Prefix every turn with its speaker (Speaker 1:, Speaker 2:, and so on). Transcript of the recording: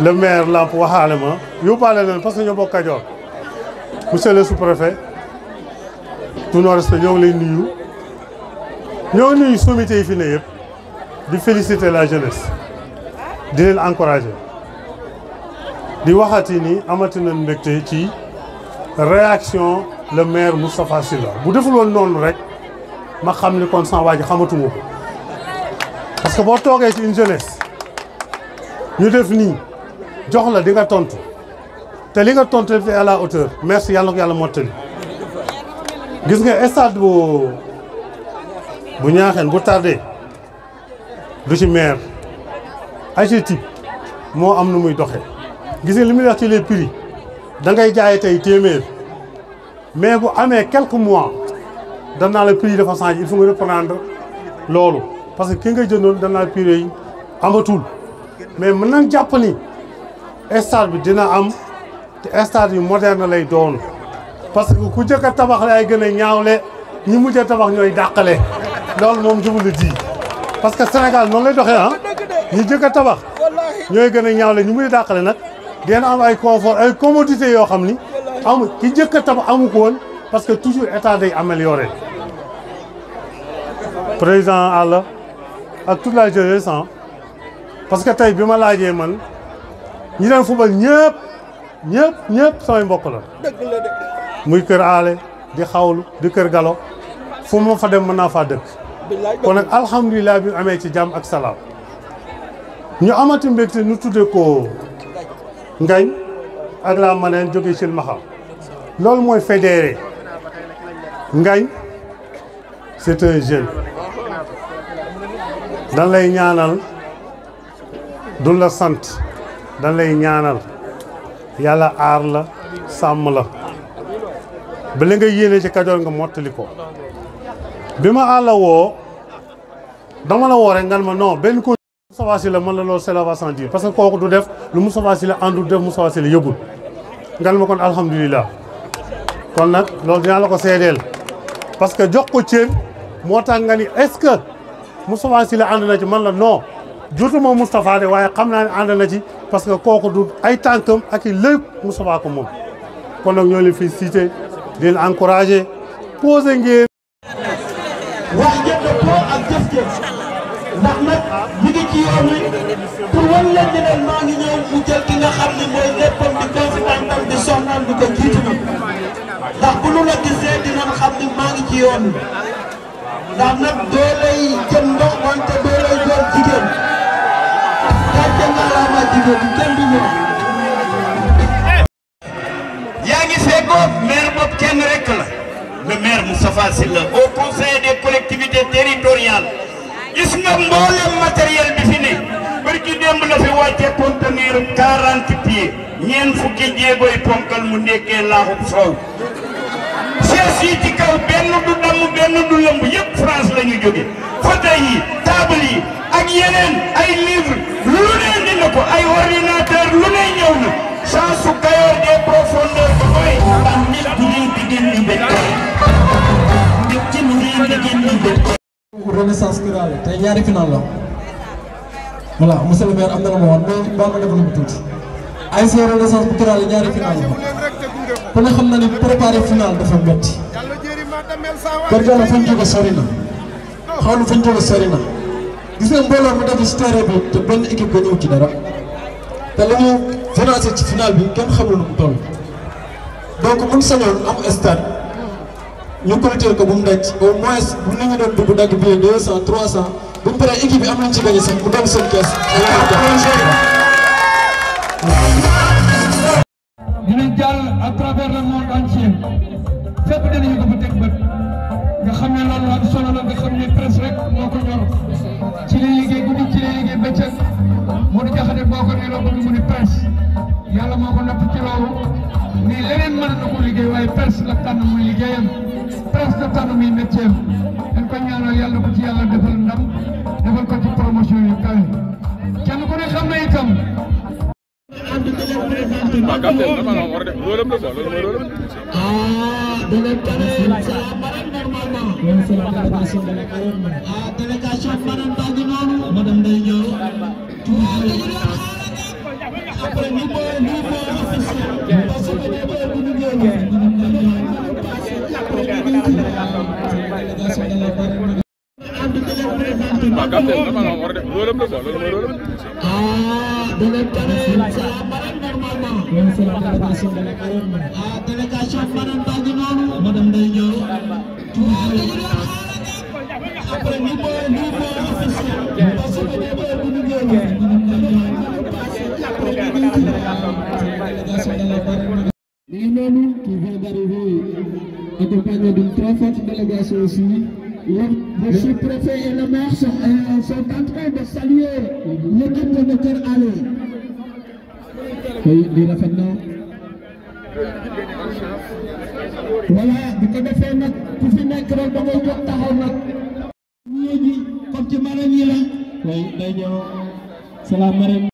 Speaker 1: le maire Lamp waxaale ma yóbbaale leen parce que ñoo bokk monsieur le sous-préfet tout nos respect ñoo ngi lay nuyu ñoo ngi nuyu sommité fi ne yëpp féliciter la jeunesse di leen encourager di waxati ni amati na mbégte ci réaction le maire Moustapha Silla. bu deful le nom rek ma xam ni kon sans waa ji xamatuma parce que boo toogee ci une jeunesse ñu def jox di nga tontu te li nga tontu def à la hauteur merci yàlla na yàlla mottali gis nga stade bu bu ñaaxeen bu tardé du ci maire AGETIP moo am nu muy doxee gis nga li muy wax ci les prix da ngay jaay tey téeméer mais bu amee quelque mois danaa la prix dafa changé yi faut nga reprendre loolu parce que ki nga jëndoon danaa prix yi amatul mais mën nañ jàpp ni stade bi dina am te stade yu moderne lay doon parce que ku njëkk a tabax lay gëna ñaawlé ñaawle ñi mujj a tabax ñooy dàqale loolu mom je di parce que Sénégal non lay doxé hein ah. ñi njëkk a tabax ñooy gën a ñaawle ñi mujj a dàqale dina am ay confort ay commodité yo xamni ni amul ki njëkk tabax amu ko woon parce que toujours état day amélioré président àll ak toute la jeunesse ah. parce que tay bima ma man. ñi daan fubal ñëpp ñëpp ñëpp samay mbokk la muy kër ale di xawl di kër galo fu ma fa dem mën naa dëkk kon nag alhamdulilah bi amee ci jàmm ak salaam ñu amati mbégte ñu tudde ko ngañ ak laa maneen jóge silmaxam loolu mooy fédéré ngañ c'est un jeune dan lay ñaanal du la sant dañ lay ñaanal yàlla aar la sàmm la ba li nga yéene ci Kajoor nga mottali ko bi ma àlla woo dama la woo rek ngan ma non benn ko Moustapha Sylla man la loolu c'est la va sans dire parce que kooku du def lu Moustapha Sylla àndul def Moustapha Sylla yëbul ngan ma kon alhamdulilah kon nag loolu dinaa la ko seedeel parce que jox ko cër moo tax nga ni est-ce que Moustapha Sylla ànd na ci man la non jotuma Moustapha de waaye xam naa ne ànd na ci parce que kooku du ay tànkam ak i lépp Moustapha ko moom kon nag ñoo leen fi cité di leen encouragé ngeen. wax ngeen de ko ak jëf ngeen ndax nag ñu ngi ci yoon wi wan leen di mu jël ki xam ne mooy léppam di confidantam di soxnaam di ko jiitu nag ndax bu nu la gisee dinañ xam ni maa ngi ci yoon ndax nag doo lay jëm wante doo lay door jigéen. yaa ngi feggoo maire bopp kenn rek la le maire Moustapha Sylla au conseil des collectivités territoriales gis nga mboolem matériel bi fi ne barki démb la fi wàcce conteneur 40 pieds ñeent fukki jéegoy ponkal mu ndekkee laaxub soow sees yi ci kaw benn du damm benn du lëmb yëpp France la jóge sens rural la tey ñaari final la voilà monsieur am na la ma woon mais baax na développé tuuti ASC Renaissance bu Kiraale ñaari final la ku na ne préparé final dafa métti. Garga la fañ jóge sori na xawlu fañ jóge sori na gis nga mbooloo mu def ci terrain bi te benn bi kenn xamul lu mu toll mun sañoon am stade. ñu culture ko bu mu daj au moins bu nit ñi doon dugg dagg billet 200 300 bu mu paree équipe bi am nañ ci gagné sax mu doon seen kees dinañ jàll à travers le monde entier fépp dinañu ko fa teg bët nga xam loolu am solo la nga xam presse rek moo ñor ci lay liggéey guddi ci lay liggéey bëccëg mu di jaxate boo ko nee loo bëgg mu di presse yàlla moo ko napp ci loolu nii leneen mën ko liggéey waaye presse la tànn muy liggéeyam place de tànn muy métier am dañ ko ñaanal yàlla ko ci yàlla defal ndam defal ko ci promotion yu kawe kenn ku ne xam na itam. ah gàttal dama la war a def loolu la quoi loolu mooy loolu. ah délégation madame normalement. loolu c'est la délégation de la arène. ah délégation madame baa ngi noonu. madame Ndeye Ndiaye. après ñu boole ñu boole officiel. parce que ñu boole bu ñu génnee. délégation délégation Mbarane baa ngi noonu madame Ndeye Ndiaye après ni bo ni bo officiel parce que ni bo bu ñu génn Ni noonu qui vient d'arriver accompagné d'une très forte délégation aussi le, le sous-préfet et le maire sont, euh, sont, en train de saluer l'équipe de Moteur Allé. Oui, il a fait non. Voilà, bu ko defee nag ku fi nekk rek da ngay jóg taxaw nag. ñii ji